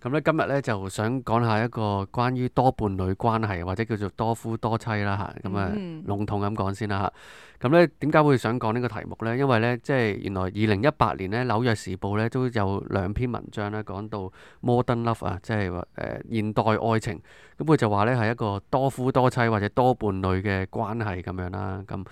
咁呢，今日呢就想講下一個關於多伴侶關係或者叫做多夫多妻啦嚇，咁啊籠統咁講先啦嚇。咁呢點解會想講呢個題目呢？因為呢，即係原來二零一八年呢，《紐約時報》呢都有兩篇文章呢講到摩登 love 啊，即係誒現代愛情。咁佢就話呢係一個多夫多妻或者多伴侶嘅關係咁樣啦。咁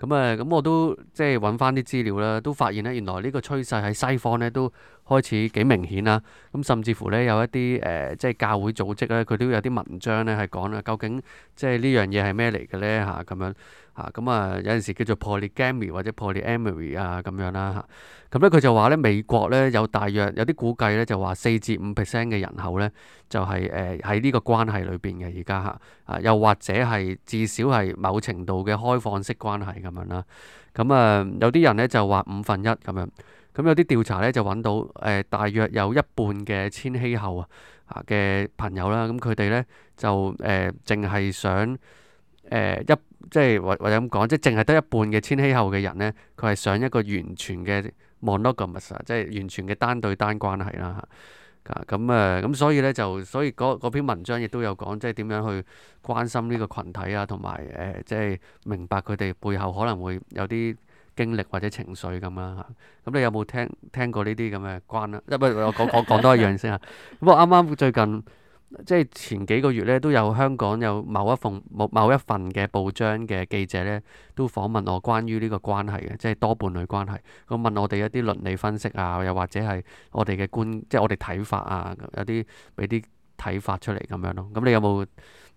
咁啊咁我都即係揾翻啲資料啦，都發現呢，原來呢個趨勢喺西方呢都開始幾明顯啦，咁甚至乎呢，有一啲誒、呃，即係教會組織呢，佢、啊、都、啊、有啲文章呢，係講啦，究竟即係呢樣嘢係咩嚟嘅呢？嚇咁樣嚇咁啊有陣時叫做破裂 gamy 或者破裂 amory 啊咁樣啦嚇，咁、啊、呢，佢、啊、就話呢，美國呢，有大約有啲估計呢，就話四至五 percent 嘅人口呢，就係誒喺呢個關係裏邊嘅而家嚇又或者係至少係某程度嘅開放式關係咁樣啦，咁啊，啊有啲人呢，就話五分一咁樣。咁有啲調查咧就揾到誒、呃，大約有一半嘅千禧後啊嘅、啊、朋友啦、啊，咁佢哋咧就誒，淨、呃、係想誒、呃、一即係或或者咁講，即係淨係得一半嘅千禧後嘅人咧，佢係想一個完全嘅 monogamous，即係完全嘅單對單關係啦、啊、嚇。咁、啊、誒，咁、啊啊、所以咧就所以嗰嗰篇文章亦都有講，即係點樣去關心呢個群體啊，同埋誒即係明白佢哋背後可能會有啲。經歷或者情緒咁啦嚇，咁你有冇聽聽過呢啲咁嘅關啊？一不如我講講多一樣先啊。咁我啱啱最近即係前幾個月咧，都有香港有某一份某某一份嘅報章嘅記者咧，都訪問我關於呢個關係嘅，即係多伴侶關係。咁問我哋一啲倫理分析啊，又或者係我哋嘅觀，即係我哋睇法啊，咁有啲俾啲睇法出嚟咁樣咯。咁你有冇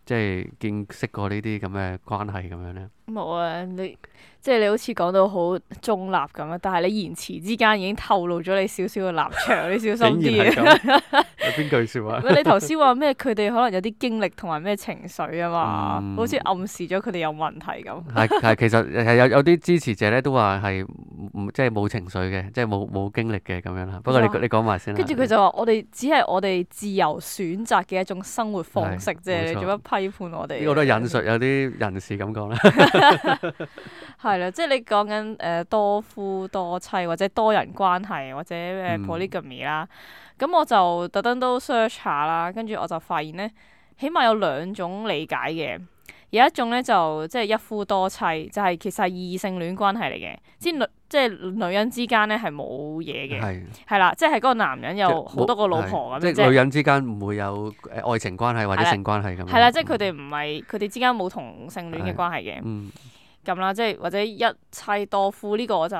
即係見識過呢啲咁嘅關係咁樣咧？冇啊！你即係你好似講到好中立咁啊，但係你言辭之間已經透露咗你少少嘅立場，你小心啲 有邊句說話？你頭先話咩？佢哋 可能有啲經歷同埋咩情緒啊嘛，嗯、好似暗示咗佢哋有問題咁。係 係其實有有啲支持者咧都話係即係冇情緒嘅，即係冇冇經歷嘅咁樣啦。不過你哇你講埋先啦。跟住佢就話：我哋只係我哋自由選擇嘅一種生活方式啫，你做乜批判我哋？呢個都引述有啲人士咁講啦。 係啦，即係你講緊誒多夫多妻或者多人關係或者誒 polygamy 啦、嗯，咁我就特登都 search 下啦，跟住我就發現咧，起碼有兩種理解嘅。有一種咧就即、是、係一夫多妻，就係、是、其實係異性戀關係嚟嘅，即女即係、就是、女人之間咧係冇嘢嘅，係啦的，即係嗰個男人有好多個老婆咁。即係女人之間唔會有誒愛情關係或者性關係咁。係啦的，即係佢哋唔係佢哋之間冇同性戀嘅關係嘅。咁啦，即係或者一妻多夫呢、呢個我就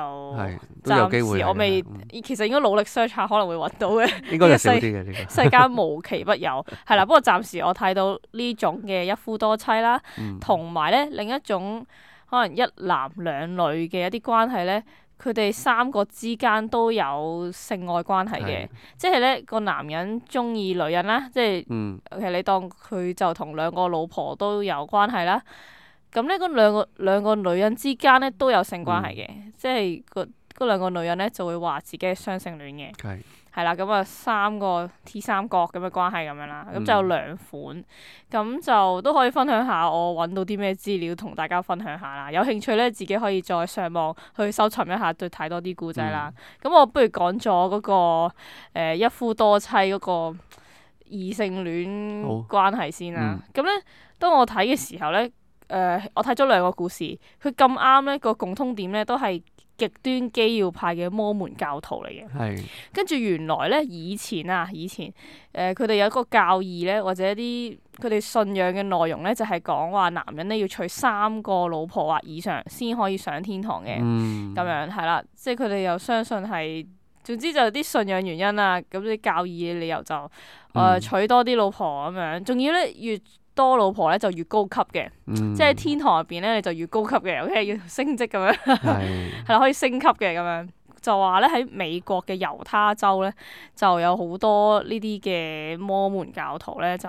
暫時我未，嗯、其實應該努力 search 下，可能會揾到嘅。應該係少啲嘅，呢個 世間無奇不有，係啦。 不過暫時我睇到呢種嘅一夫多妻啦，同埋咧另一種可能一男兩女嘅一啲關係咧，佢哋三個之間都有性愛關係嘅，嗯、即係咧個男人中意女人啦，即係其實你當佢就同兩個老婆都有關係啦。咁咧，嗰兩個兩個女人之間咧都有性關係嘅，嗯、即係個嗰兩個女人咧就會話自己係雙性戀嘅，係啦是，咁啊三個 T 三角咁嘅關係咁樣啦，咁就有兩款，咁、嗯、就都可以分享下我揾到啲咩資料同大家分享下啦，有興趣咧自己可以再上網去搜尋一下，再睇多啲古仔啦。咁、嗯、我不如講咗嗰個誒、呃、一夫多妻嗰個異性戀關係先啦。咁咧、嗯、當我睇嘅時候咧。誒、呃，我睇咗兩個故事，佢咁啱咧，個共通點咧都係極端基要派嘅摩門教徒嚟嘅。係是。跟住原來咧，以前啊，以前誒，佢、呃、哋有一個教義咧，或者啲佢哋信仰嘅內容咧，就係講話男人咧要娶三個老婆或、啊、以上先可以上天堂嘅。咁、嗯、樣係啦，即係佢哋又相信係，總之就啲信仰原因啊，咁啲教義嘅理由就誒、呃、娶多啲老婆咁樣，仲要咧越。多老婆咧就越高級嘅，嗯、即係天堂入邊咧你就越高級嘅，OK 要升職咁樣，係啦是 可以升級嘅咁樣，就話咧喺美國嘅猶他州咧就有好多呢啲嘅摩門教徒咧就。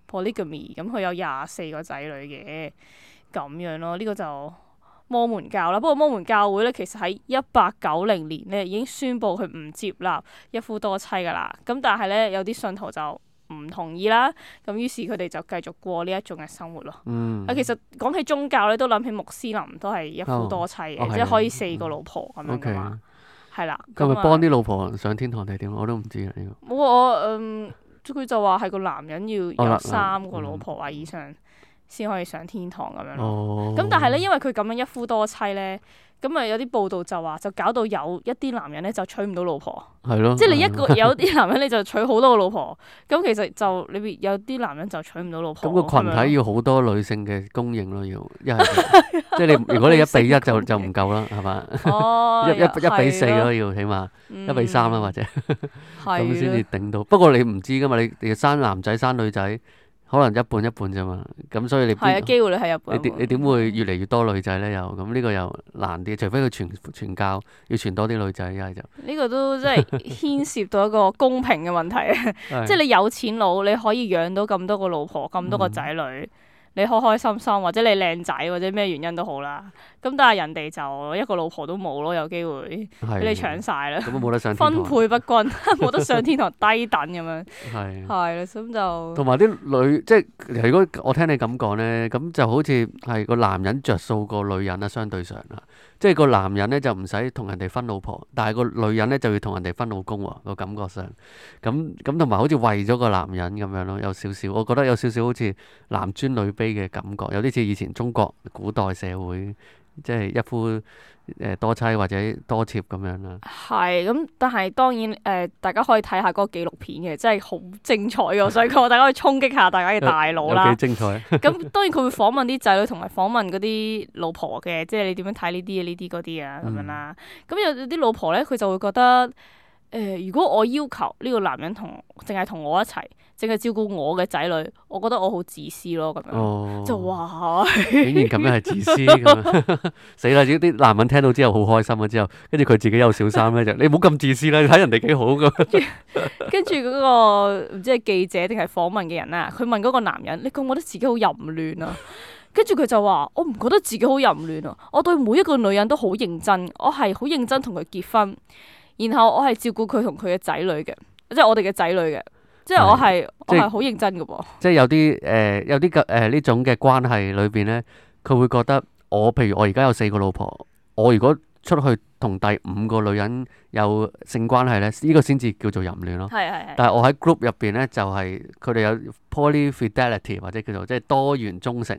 Polygamy，咁佢有廿四個仔女嘅，咁樣咯。呢、這個就摩門教啦。不過摩門教會咧，其實喺一八九零年咧，已經宣佈佢唔接納一夫多妻噶啦。咁但係咧，有啲信徒就唔同意啦。咁於是佢哋就繼續過呢一種嘅生活咯。啊、嗯，其實講起宗教咧，都諗起穆斯林都係一夫多妻嘅，哦哦、即係可以四個老婆咁、嗯 okay. 樣噶嘛。係啦。咁咪幫啲老婆上天堂定係點？我都唔知啊呢個。冇我嗯。哦我嗯即佢就話係個男人要有三個老婆啊以上。嗯嗯嗯嗯先可以上天堂咁樣咯。咁、哦、但係咧，因為佢咁樣一夫多妻咧，咁啊有啲報道就話，就搞到有一啲男人咧就娶唔到老婆。係咯的，即係你一個有啲男人你就娶好多個老婆，咁其實就裏邊有啲男人就娶唔 到老婆。咁個群體要好多女性嘅供應咯，要一係 即係你如果你一比一就就唔夠啦，係嘛？哦、 一一的一比四咯要起碼，嗯、一比三啦、啊、或者咁先至頂到。的不過你唔知噶嘛，你你要生男仔生,生女仔。生女生可能一半一半咋嘛？咁所以你係啊，機會係一半一半你喺日本。你點你點會越嚟越多女仔咧？又咁呢個又難啲，除非佢傳傳教，要傳多啲女仔入嚟。呢、就係、個都真係牽涉到一個公平嘅問題啊！即係你有錢佬，你可以養到咁多個老婆，咁 多個仔女。嗯嗯你開開心心，或者你靚仔，或者咩原因都好啦。咁但係人哋就一個老婆都冇咯，有機會俾你搶晒啦。的 分配不均，冇得上天堂，低等咁樣。係係啦，咁就同埋啲女，即係如果我聽你咁講咧，咁就好似係個男人着數過女人啦，相對上啦。即係個男人呢就唔使同人哋分老婆，但係個女人呢就要同人哋分老公喎，個感覺上咁咁同埋好似為咗個男人咁樣咯，有少少，我覺得有少少好似男尊女卑嘅感覺，有啲似以前中國古代社會。即係一夫誒多妻或者多妾咁樣啦。係咁，但係當然誒、呃，大家可以睇下嗰個紀錄片嘅，真係好精彩嘅，所以佢話大家可以衝擊下大家嘅大腦啦。 有幾精彩？咁 當然佢會訪問啲仔女同埋訪問嗰啲老婆嘅，即係你點樣睇呢啲呢啲嗰啲啊咁樣啦。咁、嗯、有啲老婆咧，佢就會覺得。誒、呃，如果我要求呢個男人同淨係同我一齊，淨係照顧我嘅仔女，我覺得我好自私咯。咁樣就話，竟然咁樣係自私哈哈，死啦！啲男人聽到之後好開心啊，之後跟住佢自己有小三咧，就 你唔好咁自私啦，你睇人哋幾好咁。跟住嗰個唔知係記者定係訪問嘅人啊，佢問嗰個男人，你覺唔、啊、覺得自己好淫亂啊？跟住佢就話，我唔覺得自己好淫亂啊，我對每一個女人都好認真，我係好認真同佢結婚。然後我係照顧佢同佢嘅仔女嘅，即係我哋嘅仔女嘅，即係我係即我係好認真㗎噃。即係有啲誒、呃，有啲嘅誒呢種嘅關係裏邊咧，佢會覺得我，譬如我而家有四個老婆，我如果出去同第五個女人有性關係呢，呢個先至叫做淫亂咯。但係我喺 group 入邊呢，就係佢哋有 polyfidelity 或者叫做即係多元忠誠、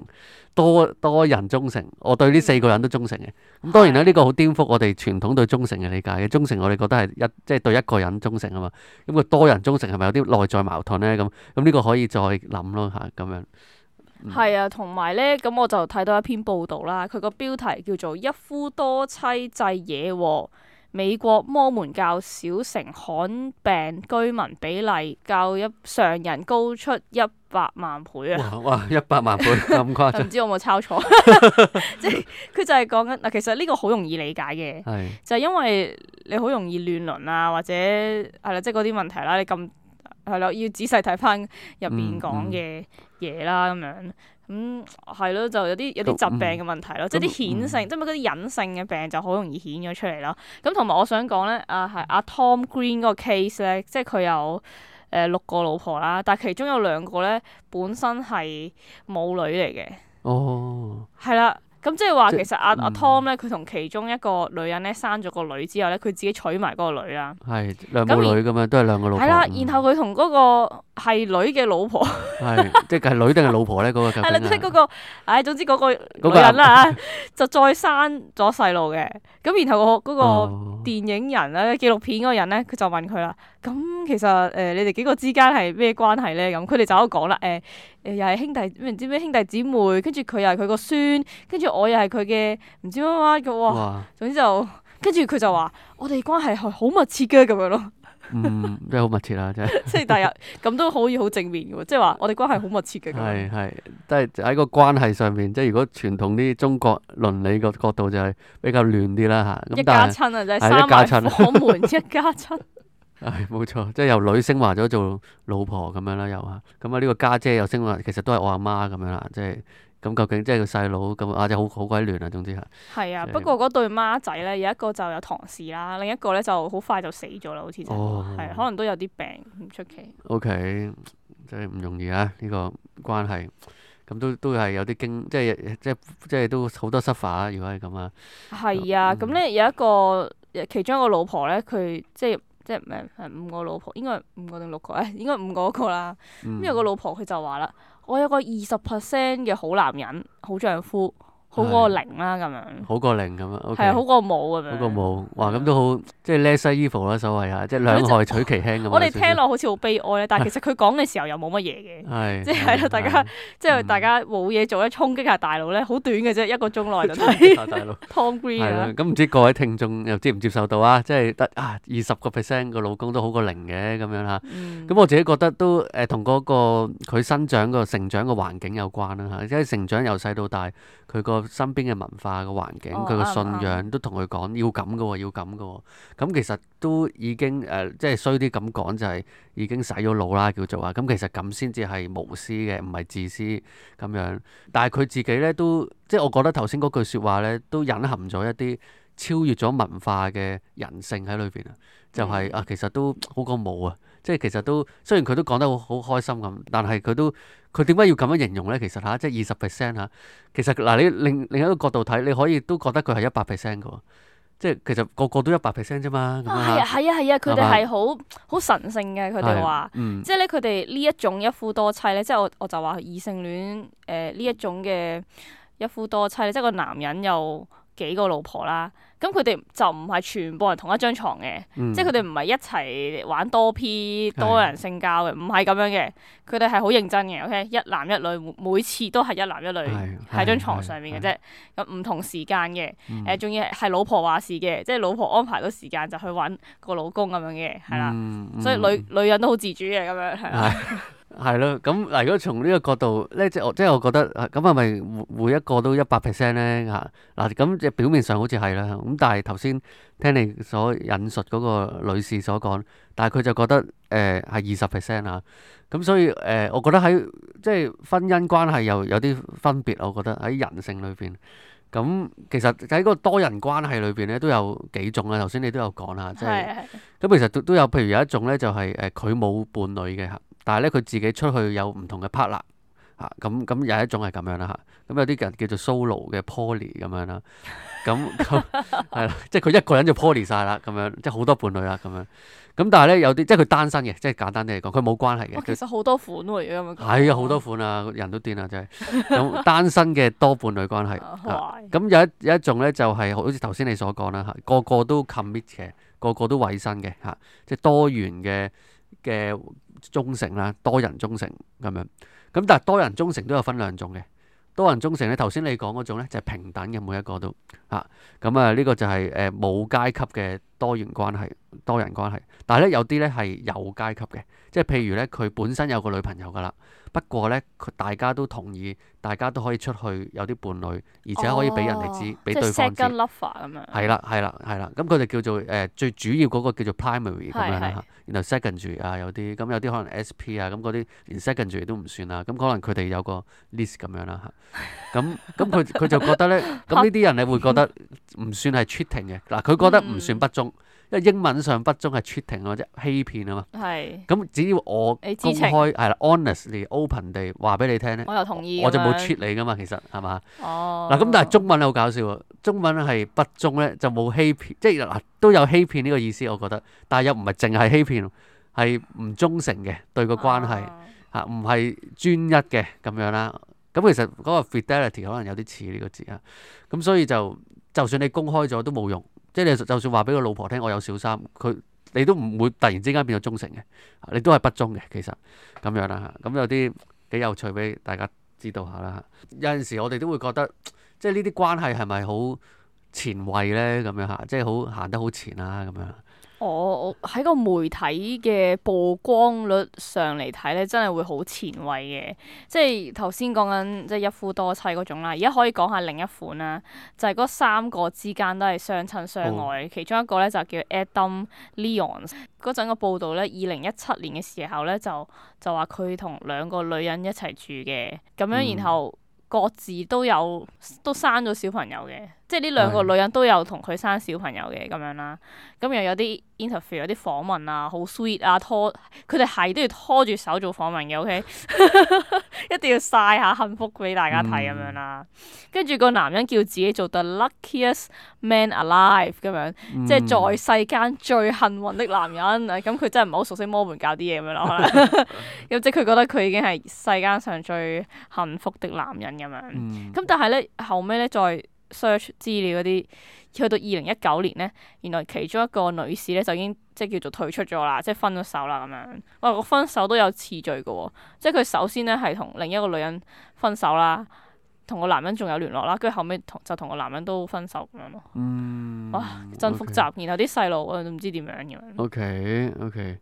多多人忠誠。我對呢四個人都忠誠嘅。咁當然咧，呢個好顛覆我哋傳統對忠誠嘅理解嘅。忠誠我哋覺得係一即係對一個人忠誠啊嘛。咁個多人忠誠係咪有啲內在矛盾呢？咁咁呢個可以再諗咯嚇咁樣。係啊，同埋咧，咁我就睇到一篇報道啦。佢個標題叫做《一夫多妻制惹禍》，美國摩門教小城罕病居民比例較一常人高出一百萬倍啊！哇，一百萬倍咁誇張，唔 知我有冇抄錯？ 即係佢就係講緊嗱，其實呢個好容易理解嘅， 就係因為你好容易亂倫啊，或者係啦，即係嗰啲問題啦、啊。你咁係啦，要仔細睇翻入邊講嘅。嗯嗯嘢啦咁樣，咁係咯，就有啲有啲疾病嘅問題咯，嗯、即係啲顯性，嗯、即係咪嗰啲隱性嘅病就好容易顯咗出嚟啦。咁同埋我想講咧，啊係阿、啊、Tom Green 嗰個 case 咧，即係佢有誒六個老婆啦，但係其中有兩個咧本身係母女嚟嘅。哦，係啦。咁即係話、嗯、其實阿阿 Tom 咧，佢、啊、同其中一個女人咧生咗個女之後咧，佢自己娶埋嗰個女啦。係兩個女咁樣，都係兩個老婆。係啦，然後佢同嗰個係女嘅老婆。係即係女定係老婆咧？嗰個。係啦，即係嗰個，唉，總之嗰個女人啊，就再生咗細路嘅。咁然後個嗰個電影人咧，嗯、紀錄片嗰個人咧，佢就問佢啦。咁其實誒，你哋幾個之間係咩關係咧？咁佢哋就喺度講啦，誒、呃、誒，又係兄弟唔知咩兄弟姊妹，跟住佢又係佢個孫，跟住我又係佢嘅唔知乜乜嘅哇。哇總之就跟住佢就話，我哋關係係好密切嘅咁樣咯。嗯，真係好密切啊，真係。即係但係咁都可以好正面嘅，即係話我哋關係好密切嘅。係係，即係喺個關係上面，即係如果傳統啲中國倫理嘅角度就係比較亂啲啦吓。一家親啊，即係三拜九門一家親。係冇、哎、錯，即係由女昇華咗做老婆咁樣啦，又啊，咁啊呢個家姐，姐又昇華，其實都係我阿媽咁樣啦，即係咁究竟即係個細佬咁啊，就好好鬼亂啊，總之係係啊。就是、不過嗰對孖仔咧，有一個就有唐氏啦，另一個咧就好快就死咗啦，好似就係可能都有啲病，唔出奇。O K，真係唔容易啊！呢、這個關係咁都都係有啲驚，即係即係即係都好多失法。如果係咁啊，係、嗯、啊。咁咧有一個其中一個老婆咧，佢即係。嗯即係唔係係五個老婆，應該五個定六個？誒，應該五個嗰個啦。跟住個老婆，佢就話啦：我有個二十 percent 嘅好男人，好丈夫。好過零啦，咁樣。好過零咁樣，係好過冇咁樣。好過冇，哇！咁都好，即係 lesser evil 啦，所謂啊，即係兩害取其輕咁。我哋聽落好似好悲哀咧，但係其實佢講嘅時候又冇乜嘢嘅，係即係咧，大家即係大家冇嘢做咧，衝擊下大腦咧，好短嘅啫，一個鐘內就睇。大腦。c o n g 咁唔知各位聽眾又接唔接受到啊？即係得啊，二十個 percent 個老公都好過零嘅咁樣吓，咁我自己覺得都誒，同嗰個佢生長個成長個環境有關啦吓，即係成長由細到大，佢個。身邊嘅文化嘅環境，佢嘅、哦、信仰、嗯嗯、都同佢講要咁嘅喎，要咁嘅喎。咁其實都已經誒、呃，即係衰啲咁講就係、是、已經洗咗腦啦，叫做啊。咁其實咁先至係無私嘅，唔係自私咁樣。但係佢自己呢，都，即係我覺得頭先嗰句説話呢，都隱含咗一啲超越咗文化嘅人性喺裏邊啊。就係、是嗯、啊，其實都好過冇啊。即係其實都雖然佢都講得好好開心咁，但係佢都佢點解要咁樣形容咧？其實吓、啊，即係二十 percent 嚇。其實嗱、啊，你另另一個角度睇，你可以都覺得佢係一百 percent 嘅喎。即係其實個個都一百 percent 啫嘛。係啊係啊係啊，佢哋係好好神聖嘅，佢哋話，啊嗯、即係咧佢哋呢一種一夫多妻咧，即係我我就話異性戀誒呢、呃、一種嘅一夫多妻即係個男人又。幾個老婆啦，咁佢哋就唔係全部人同一張床嘅，嗯、即係佢哋唔係一齊玩多 P 多人性交嘅，唔係咁樣嘅。佢哋係好認真嘅，OK，一男一女，每次都係一男一女喺張床上面嘅啫，咁唔、嗯、同時間嘅，誒仲、嗯、要係老婆話事嘅，即係老婆安排到時間就去揾個老公咁樣嘅，係啦，嗯、所以女、嗯、女人都好自主嘅咁樣係係咯，咁嗱，如果從呢個角度咧，即即係，我覺得咁係咪每每一個都一百 percent 咧吓？嗱，咁即係表面上好似係啦，咁但係頭先聽你所引述嗰個女士所講，但係佢就覺得誒係二十 percent 啊，咁所以誒、呃，我覺得喺即係婚姻關係又有啲分別，我覺得喺人性裏邊，咁、嗯、其實喺個多人關係裏邊咧都有幾種啊。頭先你都有講啦，即係咁，的其實都都有，譬如有一種咧就係誒佢冇伴侶嘅但係咧，佢自己出去有唔同嘅 partner，啊，咁咁又係一種係咁樣啦嚇。咁有啲人叫做 solo 嘅 poly 咁樣啦，咁咁係啦，即係佢一個人就 poly 晒啦，咁樣即係好多伴侶啦，咁樣。咁但係咧有啲即係佢單身嘅，即係簡單啲嚟講，佢冇關係嘅。喔、就其實好多款喎而家咁。係啊，好、哎、多款啊，人都癲啊，真係。咁 單身嘅多伴侶關係。咁 有一有一種咧、就是，就係好似頭先你所講啦嚇，個個都 commit 嘅，個個都委身嘅嚇，即係多元嘅。嘅忠誠啦，多人忠誠咁樣，咁但係多人忠誠都有分兩種嘅，多人忠誠咧，頭先你講嗰種咧就係平等嘅，每一個都啊，咁啊呢個就係誒冇階級嘅多元關係、多人關係，但係咧有啲咧係有階級嘅，即係譬如咧佢本身有個女朋友噶啦。不過咧，佢大家都同意，大家都可以出去有啲伴侶，而且可以俾人哋知，俾、哦、對方知。即係咁樣。係啦，係啦，係啦。咁佢哋叫做誒、呃、最主要嗰個叫做 primary 咁的樣啦，的然後 secondary 啊，有啲咁有啲可能 SP 啊，咁嗰啲連 secondary 都唔算啦，咁可能佢哋有個 list 咁樣啦嚇。咁咁佢佢就覺得咧，咁呢啲人你會覺得唔算係 cheating 嘅。嗱，佢覺得唔算不忠。嗯即係英文上不忠係 cheating 或者欺騙啊嘛。係是。咁只要我公開係啦，honestly, open 地話俾你聽呢，我就同意，我就冇 cheat 你噶嘛。其實係嘛？嗱咁、哦啊，但係中文好搞笑喎！中文係不忠呢就冇欺騙，即係嗱都有欺騙呢個意思。我覺得，但係又唔係淨係欺騙，係唔忠誠嘅對個關係嚇，唔係、啊啊、專一嘅咁樣啦。咁、嗯、其實嗰個 fidelity 可能有啲似呢個字啊。咁所以就就算你公開咗都冇用。即係你就算話俾個老婆聽，我有小三，佢你都唔會突然之間變咗忠誠嘅，你都係不忠嘅其實咁樣啦，咁有啲幾有趣俾大家知道下啦。有陣時我哋都會覺得，即係呢啲關係係咪好前衛咧？咁樣嚇，即係好行得好前啊咁樣。哦、我我喺個媒體嘅曝光率上嚟睇咧，真係會好前衞嘅。即係頭先講緊即係一夫多妻嗰種啦，而家可以講下另一款啦，就係、是、嗰三個之間都係相親相愛，哦、其中一個咧就叫 Adam Lyons。嗰陣個報導咧，二零一七年嘅時候咧就就話佢同兩個女人一齊住嘅，咁樣然後各自都有都生咗小朋友嘅。即係呢兩個女人，都有同佢生小朋友嘅咁樣啦。咁又有啲 interview，有啲訪問啊，好 sweet 啊，拖佢哋係都要拖住手做訪問嘅。O、okay? K， 一定要晒下幸福俾大家睇咁樣啦。嗯、跟住個男人叫自己做 the luckiest man alive 咁樣，嗯、即係在世間最幸運的男人。咁佢真係唔係好熟悉摩門教啲嘢咁樣咯？咁 即係佢覺得佢已經係世間上最幸福的男人咁樣。咁、嗯、但係咧後尾咧再。Search 資料嗰啲，去到二零一九年咧，原來其中一個女士咧就已經即係叫做退出咗啦，即係分咗手啦咁樣。哇，個分手都有次序嘅喎、哦，即係佢首先咧係同另一個女人分手啦，同個男人仲有聯絡啦，跟住後尾，同就同個男人都分手咁樣咯。嗯、哇！真複雜，okay. 然後啲細路啊都唔知點樣咁樣 O K，O K。Okay, okay.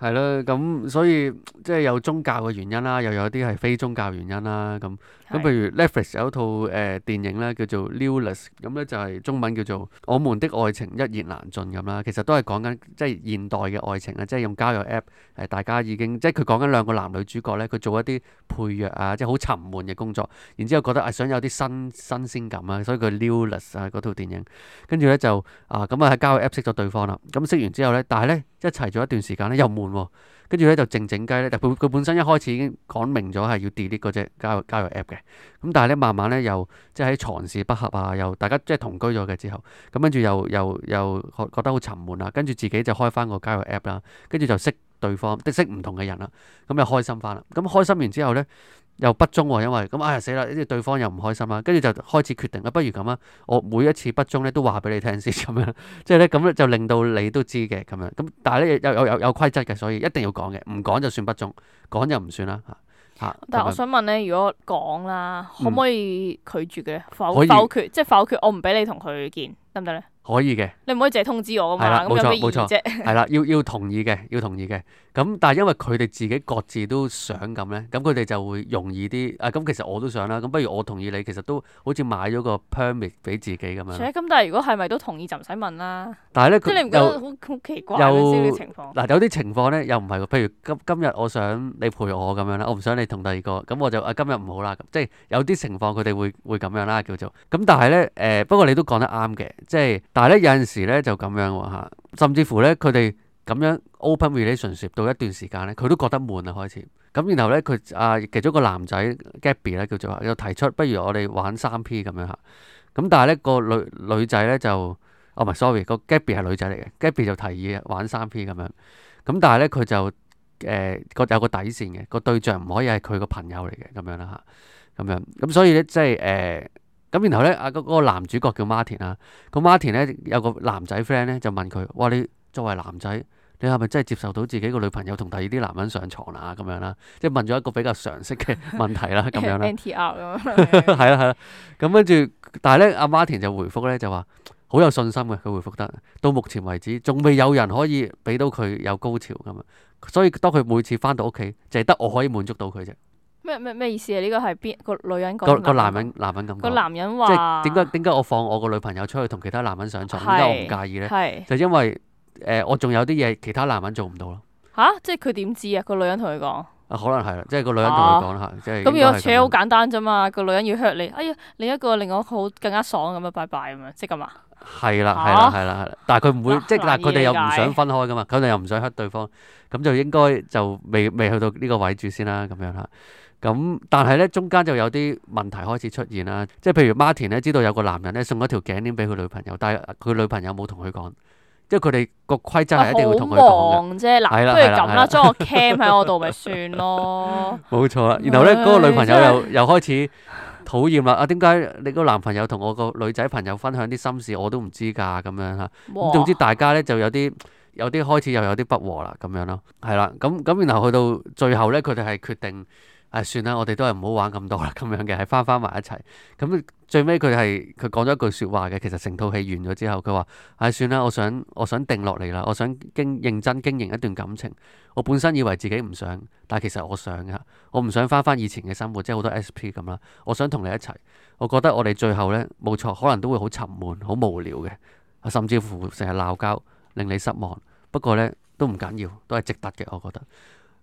係咯，咁所以即係有宗教嘅原因啦，又有啲係非宗教原因啦。咁咁是譬如 Netflix 有套誒電影咧，叫做《Newness》，咁咧就係中文叫做《我們的愛情一言難盡》咁啦。其實都係講緊即係現代嘅愛情啦，即係用交友 App 誒，大家已經即係佢講緊兩個男女主角咧，佢做一啲配藥啊，即係好沉悶嘅工作。然之後覺得啊，想有啲新新鮮感啊，所以佢《Newness》啊嗰套電影。跟住咧就啊，咁啊喺交友 App 識咗對方啦。咁識完之後咧，但係咧。一齊咗一段時間咧，又悶喎、啊，跟住咧就靜靜雞咧，就佢佢本身一開始已經講明咗係要 delete 嗰隻交友交友 app 嘅，咁但係咧，慢慢咧又即係喺牀事不合啊，又大家即係同居咗嘅之後，咁跟住又又又又覺得好沉悶啊，跟住自己就開返個交友 app 啦，跟住就識。對方識唔同嘅人啦，咁又開心翻啦，咁開心完之後咧又不忠喎，因為咁哎呀死啦，呢啲對方又唔開心啦，跟住就開始決定啦，不如咁啊，我每一次不忠咧都話俾你聽先，咁樣即係咧咁咧就令到你都知嘅咁樣，咁但係咧有有有有規則嘅，所以一定要講嘅，唔講就算不忠，講又唔算啦吓吓。但係我想問咧，如果講啦，可唔可以拒絕嘅、嗯、否可以否決，即係否決，我唔俾你同佢見得唔得咧？可以嘅，你唔可以淨係通知我啊嘛的？有咩意見？冇錯冇錯，係啦， 要要同意嘅，要同意嘅。咁但係因為佢哋自己各自都想咁咧，咁佢哋就會容易啲。啊，咁其實我都想啦，咁不如我同意你，其實都好似買咗個 permit 俾自己咁樣。而且咁，但係如果係咪都同意就唔使問啦。但係咧，佢哋你唔覺得好奇怪有？嗱，有啲情況咧，又唔係，譬如今今日我想你陪我咁樣啦，我唔想你同第二個，咁我就啊今日唔好啦。咁即係有啲情況，佢哋會會咁樣啦，叫做咁。但係咧，誒、呃、不過你都講得啱嘅，即係但係咧有陣時咧就咁樣喎。甚至乎咧，佢哋咁樣 open relationship 到一段時間咧，佢都覺得悶啦開始。咁然後咧，佢啊其中個男仔 Gabby 咧叫做又提出，不如我哋玩三 P 咁樣嚇。咁但係咧個女女仔咧就。哦，唔係，oh，sorry，個 Gabby 係女仔嚟嘅，Gabby 就提議玩三 P 咁樣咁，但係咧佢就誒個有個底線嘅個對象唔可以係佢個朋友嚟嘅咁樣啦嚇咁樣咁，所以咧即係誒咁，然後咧啊個嗰個男主角叫 Martin 啊，個 Martin 咧有個男仔 friend 咧就問佢話你作為男仔你係咪真係接受到自己個女朋友同第二啲男人上床啊？咁樣啦，即係問咗一個比較常識嘅問題啦，咁樣啦 a 係啦係啦咁跟住，但係咧阿 Martin 就回覆咧就話。好有信心嘅，佢回复得。到目前為止，仲未有人可以俾到佢有高潮咁啊！所以當佢每次返到屋企，淨係得我可以滿足到佢啫。咩咩咩意思啊？呢、這個係邊個女人講男？個個男人男人咁講。個男人話：點解點解我放我個女朋友出去同其他男人上床？點解我唔介意咧？係就因為誒、呃，我仲有啲嘢其他男人做唔到咯。嚇、啊！即係佢點知啊？個女人同佢講。啊，可能係啦，即係個女人同你講啦，即係咁樣。咁如果扯好簡單啫嘛，個女人要 hurt 你，哎呀，你一個令我好更加爽咁啊，拜拜咁啊，即係咁啊。係啦，係啦，係啦，係啦。但係佢唔會，即係但係佢哋又唔想分開噶嘛，佢哋又唔想 hurt 對方，咁就應該就未未去到呢個位住先啦，咁樣啦。咁但係咧中間就有啲問題開始出現啦，即係譬如 Martin 咧知道有個男人咧送咗條頸鏈俾佢女朋友，但係佢女朋友冇同佢講。即係佢哋個規則係一定會同佢哋講嘅。即係嗱，啊、不如咁啦，將 我 cam 喺我度咪算咯。冇錯啊。然後咧，嗰 個女朋友又 又開始討厭啦。啊，點解你個男朋友同我個女仔朋友分享啲心事，我都唔知噶咁樣吓。哇總之大家咧就有啲有啲開始又有啲不和啦，咁樣咯。係 啦，嗯，咁咁然後去到最後咧，佢哋係決定。係、哎、算啦，我哋都係唔好玩咁多啦，咁樣嘅，係翻返埋一齊。咁最尾，佢係佢講咗一句說話嘅，其實成套戲完咗之後，佢話，唉、哎，算啦，我想我想定落嚟啦，我想經認真經營一段感情。我本身以為自己唔想，但係其實我想噶，我唔想翻返以前嘅生活，即係好多 SP 咁啦。我想同你一齊，我覺得我哋最後呢，冇錯，可能都會好沉悶、好無聊嘅，甚至乎成日鬧交，令你失望。不過呢，都唔緊要，都係值得嘅，我覺得。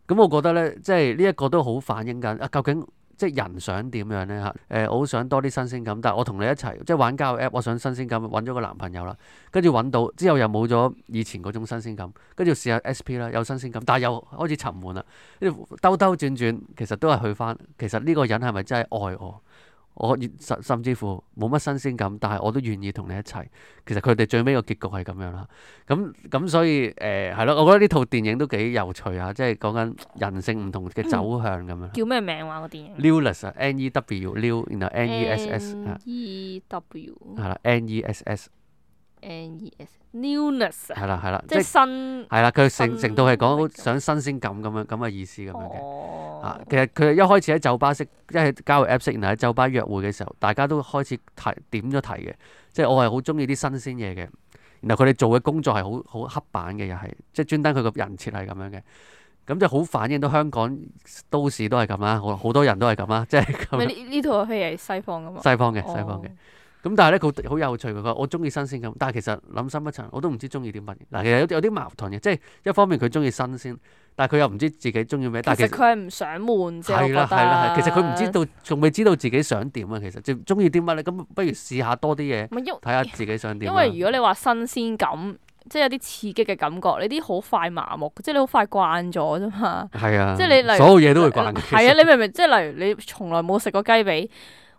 咁、嗯、我覺得呢，即係呢一個都好反映緊啊！究竟即係人想點樣呢？嚇？誒，我好想多啲新鮮感，但係我同你一齊即係玩交友 app，我想新鮮感，揾咗個男朋友啦，跟住揾到之後又冇咗以前嗰種新鮮感，跟住試下 SP 啦，有新鮮感，但係又開始沉悶啦，兜兜轉轉，其實都係去翻，其實呢個人係咪真係愛我？我甚甚至乎冇乜新鮮感，但係我都願意同你一齊。其實佢哋最尾個結局係咁樣啦。咁咁所以誒係咯，我覺得呢套電影都幾有趣啊，即係講緊人性唔同嘅走向咁、嗯、樣。叫咩名話個電影？Newness 啊，N E W New，然後 N E S, S S。E W。係啦，N E S S。S, N E S, newness 係啦係啦了，即係新係啦。佢成新程度係講想新鮮感咁樣咁嘅意思咁樣嘅。哦、啊，其實佢一開始喺酒吧識，一係加個 Apps 識，然後喺酒吧約會嘅時候，大家都開始提點咗題嘅。即、就、係、是、我係好中意啲新鮮嘢嘅。然後佢哋做嘅工作係好好刻板嘅又係，即係專登佢個人設係咁樣嘅。咁就好反映到香港都市都係咁啦，好多人都係咁啦，即係咁。呢套戲係西方嘅嘛？西方嘅，西方嘅。咁但係咧佢好有趣嘅，我中意新鮮感，但係其實諗深一層，我都唔知中意點乜嘅。嗱，其實有有啲矛盾嘅，即係一方面佢中意新鮮，但係佢又唔知自己中意咩。但其實佢係唔想悶啫，我覺得。係啦係啦，係其實佢唔知道，仲未知道自己想點啊。其實即中意啲乜咧，咁不如試下多啲嘢，睇下自己想點。因為如果你話新鮮感，即係有啲刺激嘅感覺，你啲好快麻木，即係你好快慣咗啫嘛。係啊，即係你所有嘢都會慣。係啊，你明唔明？即係例如你從來冇食過雞髀。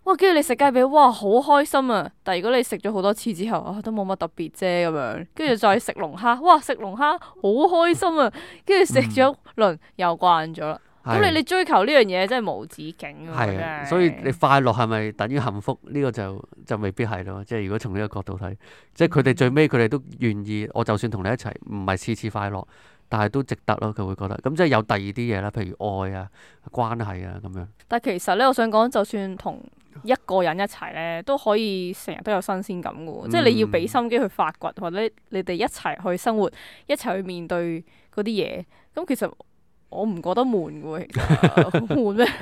哇！跟住你食雞髀，哇好開心啊！但係如果你食咗好多次之後，啊都冇乜特別啫咁樣。跟住再食龍蝦，哇食龍蝦好開心啊！跟住食咗輪又慣咗啦。咁你的你追求呢樣嘢真係無止境㗎嘛的？所以你快樂係咪等於幸福？呢、這個就就未必係咯。即係如果從呢個角度睇，即係佢哋最尾佢哋都願意，我就算同你一齊，唔係次次快樂。但係都值得咯，佢會覺得咁即係有第二啲嘢啦，譬如愛啊、關係啊咁樣。但係其實咧，我想講，就算同一個人一齊咧，都可以成日都有新鮮感嘅喎。嗯、即係你要俾心機去發掘，或者你哋一齊去生活，一齊去面對嗰啲嘢。咁其實我唔覺得悶嘅，其實、啊、 悶咩嗎？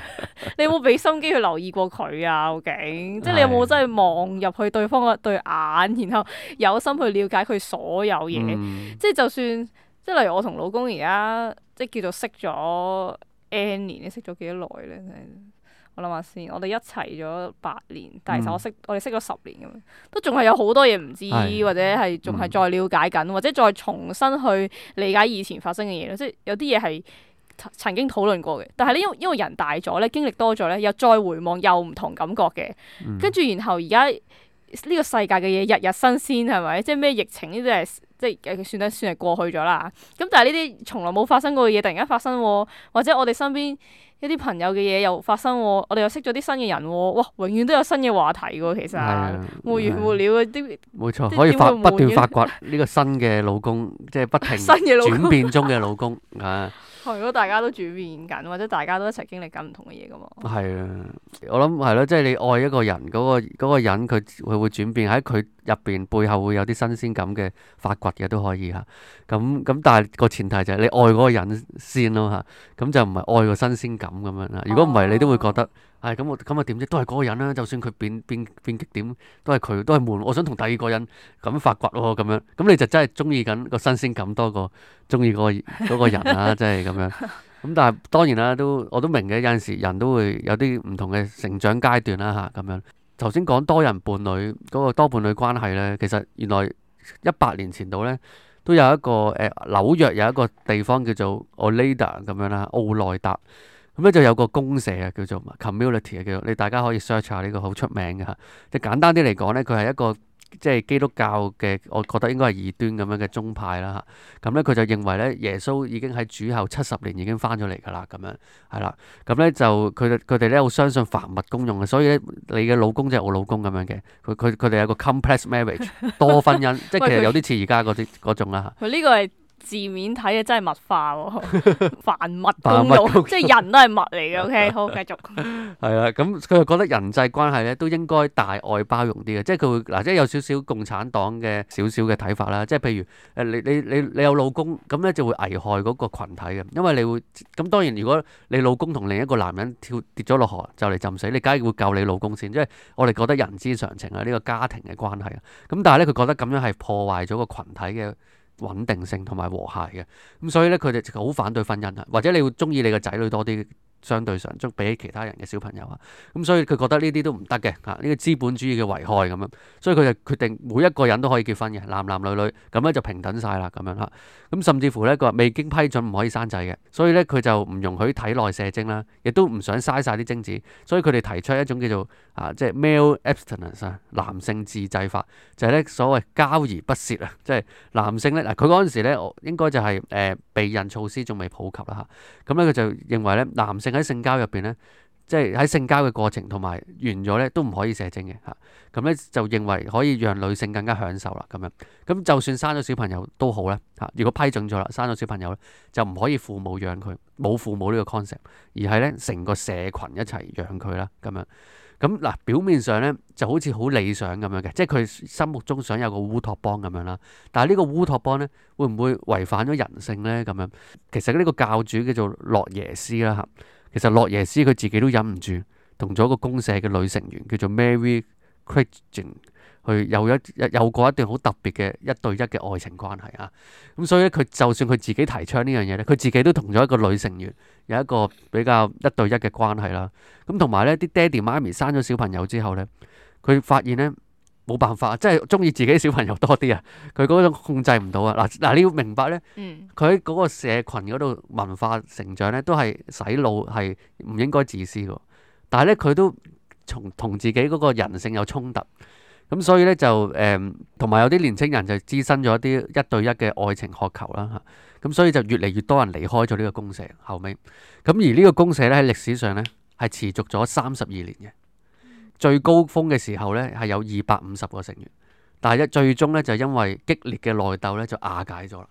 你有冇俾心機去留意過佢啊？究竟是即係你有冇真係望入去對方嘅對眼，然後有心去了解佢所有嘢？嗯、即係就算。即係例如我同老公而家即係叫做識咗 N 年，你識咗幾耐咧？我諗下先，我哋一齊咗八年，但係其實我識、嗯、我哋識咗十年咁樣，都仲係有好多嘢唔知，嗯、或者係仲係再了解緊，或者再重新去理解以前發生嘅嘢咯。即係有啲嘢係曾經討論過嘅，但係咧，因因為人大咗咧，經歷多咗咧，又再回望又唔同感覺嘅，嗯、跟住然後而家呢個世界嘅嘢日日日新鮮係咪？即係咩疫情呢啲係？即係誒算啦，算係過去咗啦。咁但係呢啲從來冇發生過嘅嘢，突然間發生喎；或者我哋身邊一啲朋友嘅嘢又發生喎。我哋又識咗啲新嘅人喎。哇，永遠都有新嘅話題喎。其實係啊，冇完冇了嗰啲。冇錯，可以發不斷聊、啊、發掘呢個新嘅老公，即係不停轉變中嘅老公啊。係咯，大家都轉變緊，或者大家都一齊經歷緊唔同嘅嘢噶嘛。係啊，我諗係咯，即係你愛一個人嗰個嗰個人，佢佢會轉變喺佢。入邊背後會有啲新鮮感嘅，發掘嘅都可以吓，咁咁但係個前提就係你愛嗰個人先咯吓，咁就唔係愛個新鮮感咁樣啦。如果唔係你都會覺得，唉咁、哦哎、我咁我點啫，都係嗰個人啦。就算佢變變變極點，都係佢，都係悶。我想同第二個人咁發掘喎，咁樣，咁你就真係中意緊個新鮮感多過中意嗰嗰個人啦，即係咁樣。咁但係當然啦，都我都明嘅，有陣時人都會有啲唔同嘅成長階段啦吓，咁樣。頭先講多人伴侶嗰個多伴侶關係咧，其實原來一百年前度咧，都有一個誒，紐約有一個地方叫做 Oneida 咁樣啦，奧內達。咁咧就有個公社啊，叫做 community 啊，叫做你大家可以 search 下呢、呢個好出名嘅嚇。即係簡單啲嚟講咧，佢係一個即係基督教嘅，我覺得應該係異端咁樣嘅宗派啦嚇。咁咧佢就認為咧，耶穌已經喺主後七十年已經翻咗嚟噶啦，咁樣係啦。咁咧就佢佢哋咧好相信凡物公用嘅，所以咧你嘅老公即係我老公咁樣嘅。佢佢佢哋有個 complex marriage 多婚姻， 喂即係其實有啲似而家嗰啲嗰種啦嚇。佢呢、呢個係。字面睇啊，真係物化喎，凡物公用， 公用，即係人都係物嚟嘅。 OK，好，繼續。係啊，咁佢又覺得人際關係咧都應該大愛包容啲嘅，即係佢會嗱，即係有少少共產黨嘅少少嘅睇法啦。即係譬如誒，你你你你有老公咁咧，就會危害嗰個羣體嘅，因為你會咁。當然，如果你老公同另一個男人跳跌咗落河就嚟浸死，你梗係會救你老公先。即係我哋覺得人之常情啊，呢個家庭嘅關係啊。咁但係咧，佢覺得咁樣係破壞咗個群體嘅。穩定性同埋和諧嘅，咁所以呢，佢哋就好反對婚姻啦，或者你會中意你嘅仔女多啲。相對上足比起其他人嘅小朋友啊，咁所以佢覺得呢啲都唔得嘅嚇，呢個資本主義嘅危害咁樣，所以佢就決定每一個人都可以結婚嘅，男男女女咁咧就平等晒啦咁樣啦，咁甚至乎呢佢話未經批准唔可以生仔嘅，所以呢，佢就唔容許體內射精啦，亦都唔想嘥晒啲精子，所以佢哋提出一種叫做啊即係 male abstinence 啊男性自製法，就係呢所謂交而不泄啊，即係男性呢，嗱佢嗰陣時咧我應該就係誒避孕措施仲未普及啦嚇，咁咧佢就認為呢男性。喺性交入邊咧，即係喺性交嘅過程同埋完咗咧，都唔可以射精嘅吓。咁咧就認為可以讓女性更加享受啦。咁樣咁就算生咗小朋友都好咧吓。如果批准咗啦，生咗小朋友咧，就唔可以父母養佢，冇父母呢個 concept，而係咧成個社群一齊養佢啦。咁樣咁嗱，表面上咧就好似好理想咁樣嘅，即係佢心目中想有個烏托邦咁樣啦。但係呢個烏托邦咧會唔會違反咗人性咧？咁樣其實呢個教主叫做洛耶斯啦吓。其實洛耶斯佢自己都忍唔住，同咗個公社嘅女成員叫做 Mary Christian 佢有一，有過一段好特別嘅一對一嘅愛情關係啊！咁所以咧，佢就算佢自己提倡呢樣嘢咧，佢自己都同咗一個女成員有一個比較一對一嘅關係啦。咁同埋呢啲爹地媽咪生咗小朋友之後呢，佢發現呢。冇辦法，即係中意自己小朋友多啲啊！佢嗰種控制唔到啊！嗱嗱，你要明白呢，佢喺嗰個社群嗰度文化成長呢，都係洗腦係唔應該自私嘅。但係呢，佢都從同自己嗰個人性有衝突，咁所以呢，就誒，同、嗯、埋有啲年青人就滋生咗一啲一對一嘅愛情渴求啦嚇。咁、啊、所以就越嚟越多人離開咗呢個公社後尾。咁而呢個公社呢，喺歷史上呢，係持續咗三十二年嘅。最高峰嘅時候呢，係有二百五十個成員，但係一最終呢，就因為激烈嘅內鬥呢，就瓦解咗啦。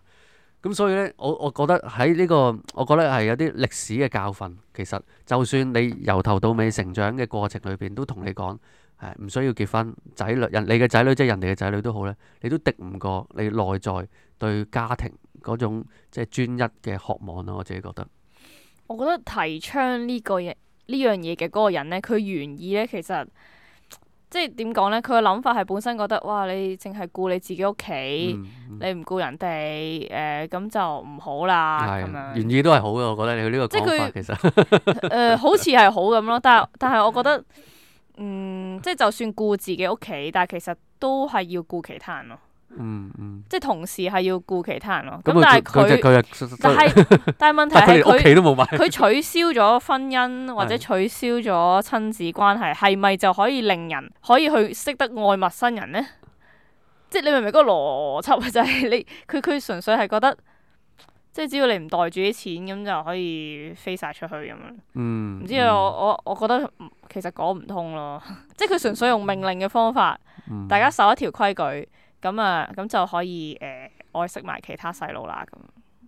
咁所以呢，我我覺得喺呢個，我覺得係有啲歷史嘅教訓。其實就算你由頭到尾成長嘅過程裏邊都同你講，唔需要結婚，仔女人你嘅仔女即係人哋嘅仔女都好呢，你都敵唔過你內在對家庭嗰種即係專一嘅渴望咯。我自己覺得，我覺得提倡呢個嘢。呢樣嘢嘅嗰個人咧，佢原意咧其實即係點講咧？佢嘅諗法係本身覺得，哇！你淨係顧你自己屋企，嗯嗯、你唔顧人哋，誒、呃、咁就唔好啦。咁、嗯、樣原意都係好嘅，我覺得你呢個講法即係佢其實、呃、好似係好咁咯。 但係但係我覺得，嗯，即係就算顧自己屋企，但係其實都係要顧其他人咯。嗯嗯、即係同時係要顧其他人咯。咁但係佢，係係但係 但係問題係佢佢取消咗婚姻 或者取消咗親子關係，係咪就可以令人可以去識得愛陌生人呢？即係你明唔明嗰個邏輯就係、係、你佢佢純粹係覺得，即係只要你唔袋住啲錢，咁就可以飛晒出去咁樣。唔、嗯嗯、知啊，我我我覺得其實講唔通咯。即係佢純粹用命令嘅方法，大家守一條規矩。咁啊，咁就可以誒、呃、愛惜埋其他細路啦，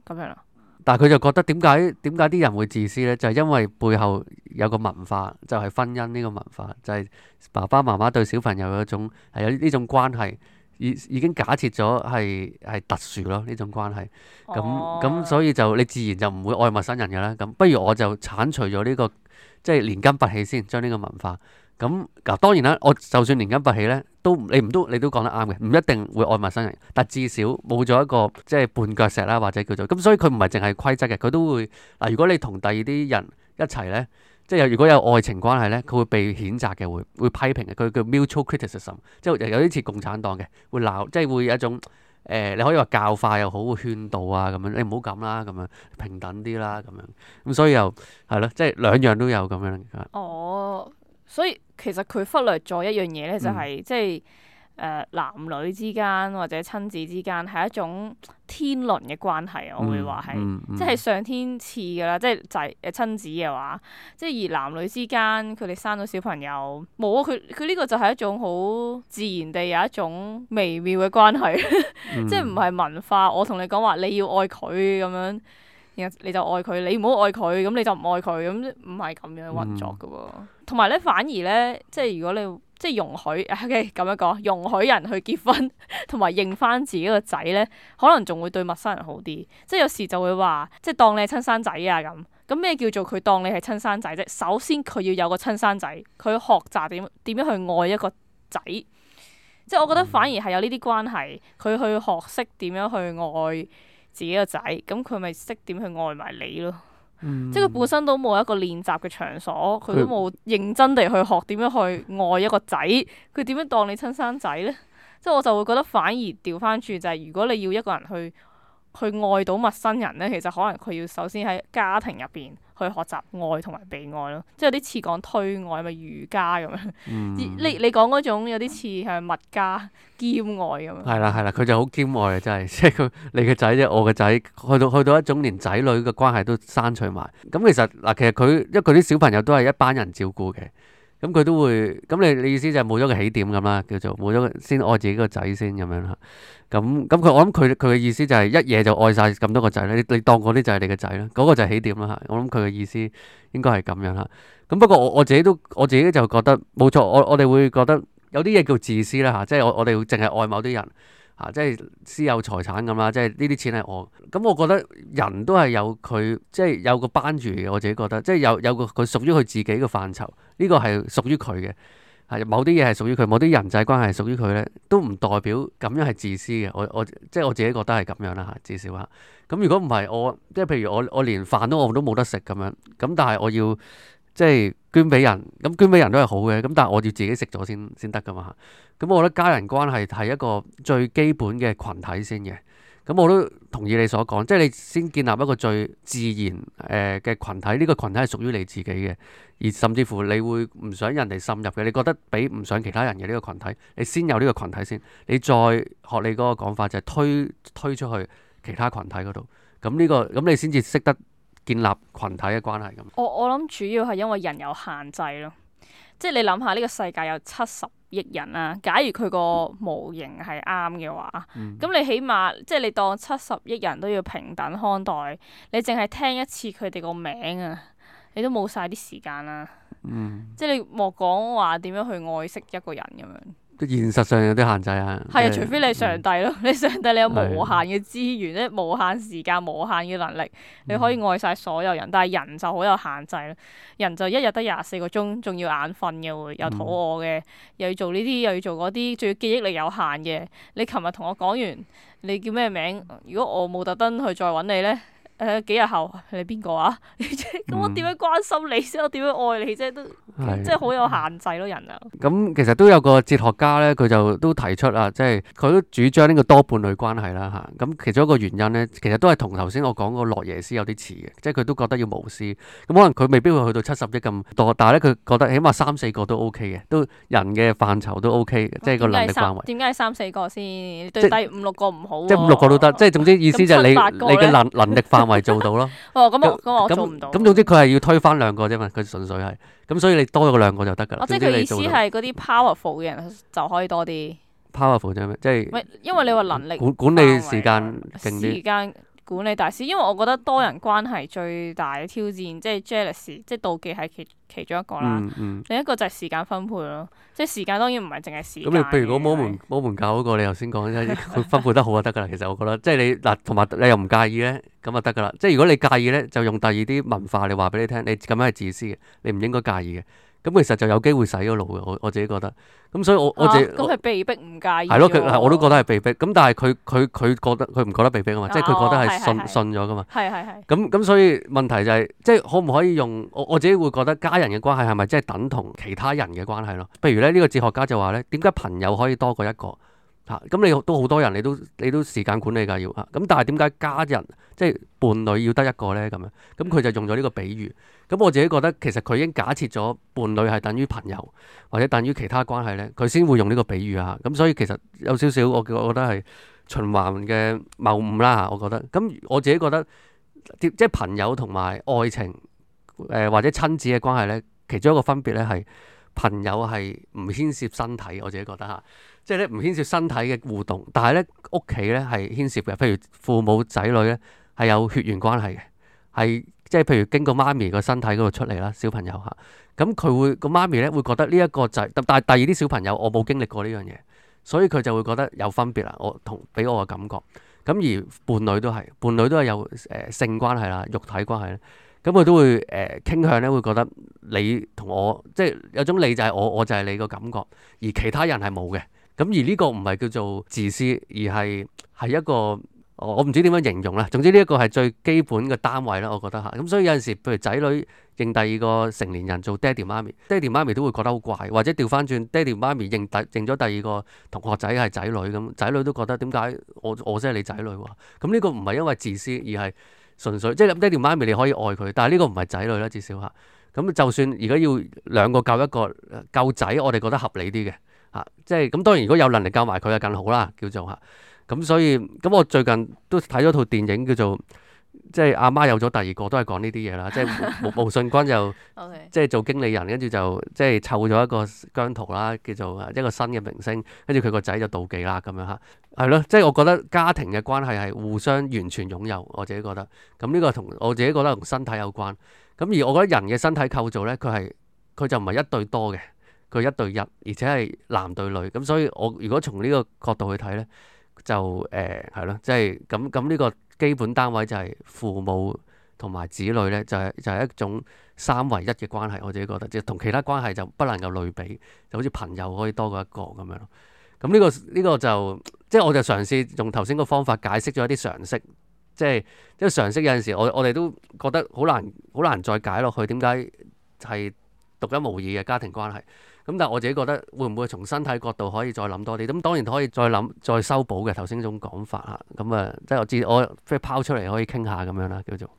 咁咁樣啦。但係佢就覺得點解點解啲人會自私呢？就係、是、因為背後有個文化，就係、是、婚姻呢個文化，就係、是、爸爸媽媽對小朋友有一種係有呢種關係，已已經假設咗係係特殊咯呢種關係。咁咁、哦、所以就你自然就唔會愛陌生人嘅啦。咁不如我就剷除咗呢、這個即係、就是、連根拔起先，將呢個文化。咁嗱，當然啦，我就算連根拔起咧，都你唔都你都講得啱嘅，唔一定會愛陌生人，但至少冇咗一個即係絆腳石啦，或者叫做咁，所以佢唔係淨係規則嘅，佢都會嗱，如果你同第二啲人一齊咧，即係如果有愛情關係咧，佢會被譴責嘅，會會批評嘅，佢叫 mutual criticism，即係有啲似共產黨嘅，會鬧，即係會有一種誒、呃，你可以話教化又好，會勸導啊咁樣，你唔好咁啦，咁樣平等啲啦，咁樣咁，所以又係咯，即係兩樣都有咁樣。哦。 所以其實佢忽略咗一樣嘢咧，就係、嗯、即係誒、呃、男女之間或者親子之間係一種天倫嘅關係，我會話係、嗯嗯、即係上天賜㗎啦。即係就係誒親子嘅話，即係而男女之間佢哋生咗小朋友冇，佢佢呢個就係一種好自然地有一種微妙嘅關係，嗯、 即係唔係文化我同你講話你要愛佢咁樣，然後你就愛佢，你唔好愛佢咁你就唔愛佢，咁唔係咁樣運作嘅。同埋咧，反而咧，即係如果你即係容許、啊，OK 咁樣講，容許人去結婚，同埋認翻自己個仔咧，可能仲會對陌生人好啲。即係有時就會話，即係當你係親生仔啊咁。咁咩叫做佢當你係親生仔啫？首先佢要有個親生仔，佢學習點點樣，樣去愛一個仔。即係我覺得反而係有呢啲關係，佢去學識點樣去愛自己個仔，咁佢咪識點去愛埋你咯。嗯、即佢本身都冇一個練習嘅場所，佢，佢都冇認真地去學點樣去愛一個仔，佢點樣當你親生仔咧？即我就會覺得反而調翻轉就係，如果你要一個人去去愛到陌生人咧，其實可能佢要首先喺家庭入邊。去學習愛同埋被愛咯，即係有啲似講推愛，咪儒家咁樣。嗯、你你講嗰種有啲似係墨家兼愛咁樣。係啦係啦，佢就好兼愛啊！真係，即係佢你嘅仔即，我嘅仔去到去到一種連仔女嘅關係都刪除埋。咁其實嗱，其實佢因為佢啲小朋友都係一班人照顧嘅。咁佢、嗯、都會，咁、嗯、你你意思就係冇咗個起點咁啦，叫做冇咗先愛自己個仔先咁樣啦。咁咁佢我諗佢佢嘅意思就係一夜就愛晒咁多個仔咧，你你當嗰啲就係你嘅仔咧，嗰、那個就係起點啦嚇、嗯。我諗佢嘅意思應該係咁樣嚇。咁、嗯、不過我我自己都我自己就覺得冇錯，我我哋會覺得有啲嘢叫自私啦吓、嗯，即係我我哋會淨係愛某啲人。嚇、啊，即係私有財產咁啦，即係呢啲錢係我咁、嗯，我覺得人都係有佢，即係有個班住嘅。我自己覺得，即係有有個佢屬於佢自己嘅範疇，呢、這個係屬於佢嘅。係某啲嘢係屬於佢，某啲人際關係係屬於佢呢，都唔代表咁樣係自私嘅。我我即係我自己覺得係咁樣啦、啊，至少啦。咁如果唔係我，即係譬如我我連飯都我都冇得食咁樣，咁但係我要即係。捐俾人，咁捐俾人都係好嘅，咁但係我要自己食咗先先得㗎嘛。咁、嗯、我覺得家人關係係一個最基本嘅群體先嘅。咁、嗯、我都同意你所講，即係你先建立一個最自然誒嘅群體，呢、這個群體係屬於你自己嘅，而甚至乎你會唔想人哋滲入嘅，你覺得俾唔想其他人嘅呢個群體，你先有呢個群體先，你再學你嗰個講法就，就係推推出去其他群體嗰度。咁、嗯、呢、這個咁、嗯、你先至識得。建立群體嘅關係咁。我我諗主要係因為人有限制咯，即係你諗下呢個世界有七十億人啊。假如佢個模型係啱嘅話，咁、嗯、你起碼即係你當七十億人都要平等看待，你淨係聽一次佢哋個名啊，你都冇晒啲時間啦。嗯，即係你莫講話點樣去愛惜一個人咁、啊、樣。現實上有啲限制啊，係、就是、啊，除非你係上帝咯，嗯、你上帝你有無限嘅資源，咧、嗯、無限時間，無限嘅能力，你可以愛晒所有人。但係人就好有限制啦，人就一日得廿四個鐘，仲要眼瞓嘅會，又肚餓嘅，又要做呢啲，又要做嗰啲，仲要記憶力有限嘅。你琴日同我講完，你叫咩名？如果我冇特登去再揾你咧？誒幾日後你邊個啊？咁我點樣關心你先？我點樣愛你啫？都即係好有限制咯，人啊！咁其實都有個哲學家咧，佢就都提出啊，即係佢都主張呢個多伴侶關係啦嚇。咁其中一個原因咧，其實都係同頭先我講個洛耶斯有啲似嘅，即係佢都覺得要無私。咁可能佢未必會去到七十億咁多，但係咧，佢覺得起碼三四個都 OK 嘅，都人嘅範疇都 OK 嘅，即係個能力範圍。點解係三四個先對低五六個唔好？即係五六個都得，即係總之意思就係你你嘅能能力範。咪做到咯！ 哦，咁我做唔到。咁總之佢係要推翻兩個啫嘛，佢純粹係。咁所以你多咗兩個就得㗎啦。哦，即係佢意思係嗰啲 powerful 嘅人就可以多啲。powerful 即係咩？即係因為你話能力管理時間勁啲。管理大師，因為我覺得多人關係最大嘅挑戰，即係 jealous，即係妒忌係其其中一個啦。嗯嗯、另一個就係時間分配咯，即係時間當然唔係淨係時間。咁你譬如講摩門摩是門教嗰個你，你頭先講，即分配得好就得噶啦。其實我覺得，即係你嗱，同埋你又唔介意咧，咁就得噶啦。即係如果你介意咧，就用第二啲文化嚟話俾你聽，你咁樣係自私嘅，你唔應該介意嘅。咁其實就有機會洗咗腦嘅，我我自己覺得。咁所以我我自己咁係、啊、被逼唔介意。係咯，佢我都覺得係被逼。咁但係佢佢佢覺得佢唔覺得被逼啊嘛，即係佢覺得係信、啊哦、是是是信咗噶嘛。係係係，咁咁所以問題就係、是，即係可唔可以用我我自己會覺得家人嘅關係係咪即係等同其他人嘅關係咯？譬如咧呢個哲學家就話咧，點解朋友可以多過一個？嚇！咁你都好多人，你都你都時間管理㗎要啊！咁但係點解家人即係、就是、伴侶要得一個咧？咁樣咁佢就用咗呢個比喻。咁我自己覺得其實佢已經假設咗伴侶係等於朋友或者等於其他關係咧，佢先會用呢個比喻啊！咁所以其實有少少我我覺得係循環嘅謬誤啦。我覺得咁我自己覺得即係朋友同埋愛情誒、呃、或者親子嘅關係咧，其中一個分別咧係朋友係唔牽涉身體。我自己覺得嚇。即係咧唔牽涉身體嘅互動，但係咧屋企咧係牽涉嘅，譬如父母仔女咧係有血緣關係嘅，係即係譬如經過媽咪個身體嗰度出嚟啦，小朋友吓，咁佢會個媽咪咧會覺得呢一個就係，但係第二啲小朋友我冇經歷過呢樣嘢，所以佢就會覺得有分別啦。我同俾我嘅感覺，咁而伴侶都係伴侶都係有誒、呃、性關係啦、肉體關係咧，咁佢都會誒、呃、傾向咧會覺得你同我即係有種你就係我，我就係你個感覺，而其他人係冇嘅。咁而呢個唔係叫做自私，而係係一個我唔知點樣形容啦。總之呢一個係最基本嘅單位啦，我覺得吓。咁所以有陣時，譬如仔女認第二個成年人做爹哋媽咪，爹哋媽咪都會覺得好怪，或者調翻轉爹哋媽咪認第認咗第二個同學仔係仔女咁，仔女都覺得點解我我先係你仔女喎？咁呢個唔係因為自私，而係純粹即係爹哋媽咪你可以愛佢，但係呢個唔係仔女啦，至少吓。咁就算而家要兩個救一個救仔，我哋覺得合理啲嘅。即係咁，當然如果有能力教埋佢啊，更好啦，叫做吓。咁所以咁，我最近都睇咗套電影，叫做即係阿媽有咗第二個，都係講呢啲嘢啦。即係毛信君就即係做經理人，跟住就即係湊咗一個姜濤啦，叫做一個新嘅明星，跟住佢個仔就妒忌啦咁樣吓。係咯，即係我覺得家庭嘅關係係互相完全擁有，我自己覺得。咁呢個同我自己覺得同身體有關。咁而我覺得人嘅身體構造呢，佢係佢就唔係一對多嘅。佢一對一，而且係男對女，咁所以我如果從呢個角度去睇呢，就誒係咯，即係咁咁呢個基本單位就係父母同埋子女呢，就係就係一種三為一嘅關係。我自己覺得即係同其他關係就不能夠類比，就好似朋友可以多過一個咁樣咯。咁呢個呢個就即係我就嘗試用頭先個方法解釋咗一啲常識，即係即係常識有陣時我我哋都覺得好難好難再解落去點解係獨一無二嘅家庭關係。咁但係我自己覺得會唔會從身體角度可以再諗多啲？咁當然可以再諗再修補嘅頭先呢種講法啦。咁啊，即係我知我即係拋出嚟可以傾下咁樣啦，叫做。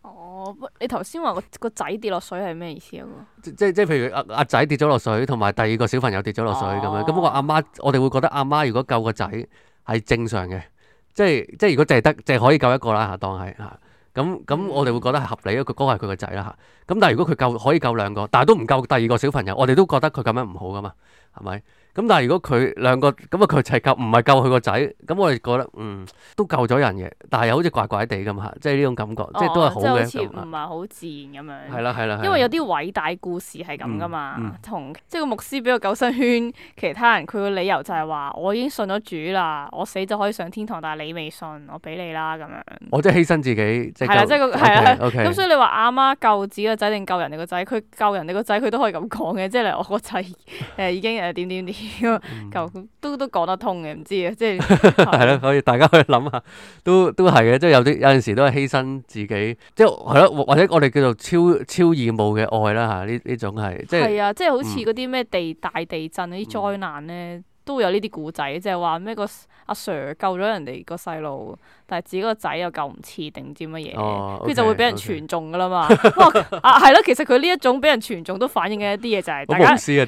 哦，你頭先話個仔跌落水係咩意思啊？即即即譬如阿阿仔跌咗落水，同埋第二個小朋友跌咗落水咁、哦、樣。咁個阿媽我哋會覺得阿媽如果媽媽救個仔係正常嘅，即係即係如果淨係得淨係可以救一個啦，當係嚇。咁咁我哋會覺得係合理，因、嗰個哥係佢個仔啦吓。咁但係如果佢救可以救兩個，但係都唔救第二個小朋友，我哋都覺得佢咁樣唔好噶嘛，係咪？咁但係如果佢兩個咁啊，佢就係救唔係救佢個仔，咁我哋覺得嗯都救咗人嘅，但係又好似怪怪地咁嚇，即係呢種感覺，即係都係好唔自好似唔係好自然咁樣。係啦係啦，因為有啲偉大故事係咁㗎嘛，同即係個牧師俾個救生圈其他人，佢個理由就係話我已經信咗主啦，我死就可以上天堂，但係你未信，我俾你啦咁樣。我即係犧牲自己。係啦，即係個係啦。O K，咁所以你話阿媽救自己個仔定救人哋個仔，佢救人哋個仔佢都可以咁講嘅，即係我個仔誒已經誒點點點。個 都都講得通嘅，唔知啊，即係係咯，可以大家去諗下，都都係嘅，即係有啲有陣時都係犧牲自己，即係係咯，或者我哋叫做超超義務嘅愛啦嚇，呢呢種係即係係啊，即係好似嗰啲咩地大地震嗰啲，嗯、災難咧。都會有呢啲古仔，即係話咩個阿 Sir 救咗人哋個細路，但係自己個仔又救唔切，定唔知乜嘢，跟住、哦 okay，就會俾人傳頌噶啦嘛。哦、 啊，係咯，其實佢呢一種俾人傳頌都反映嘅一啲嘢就係大家係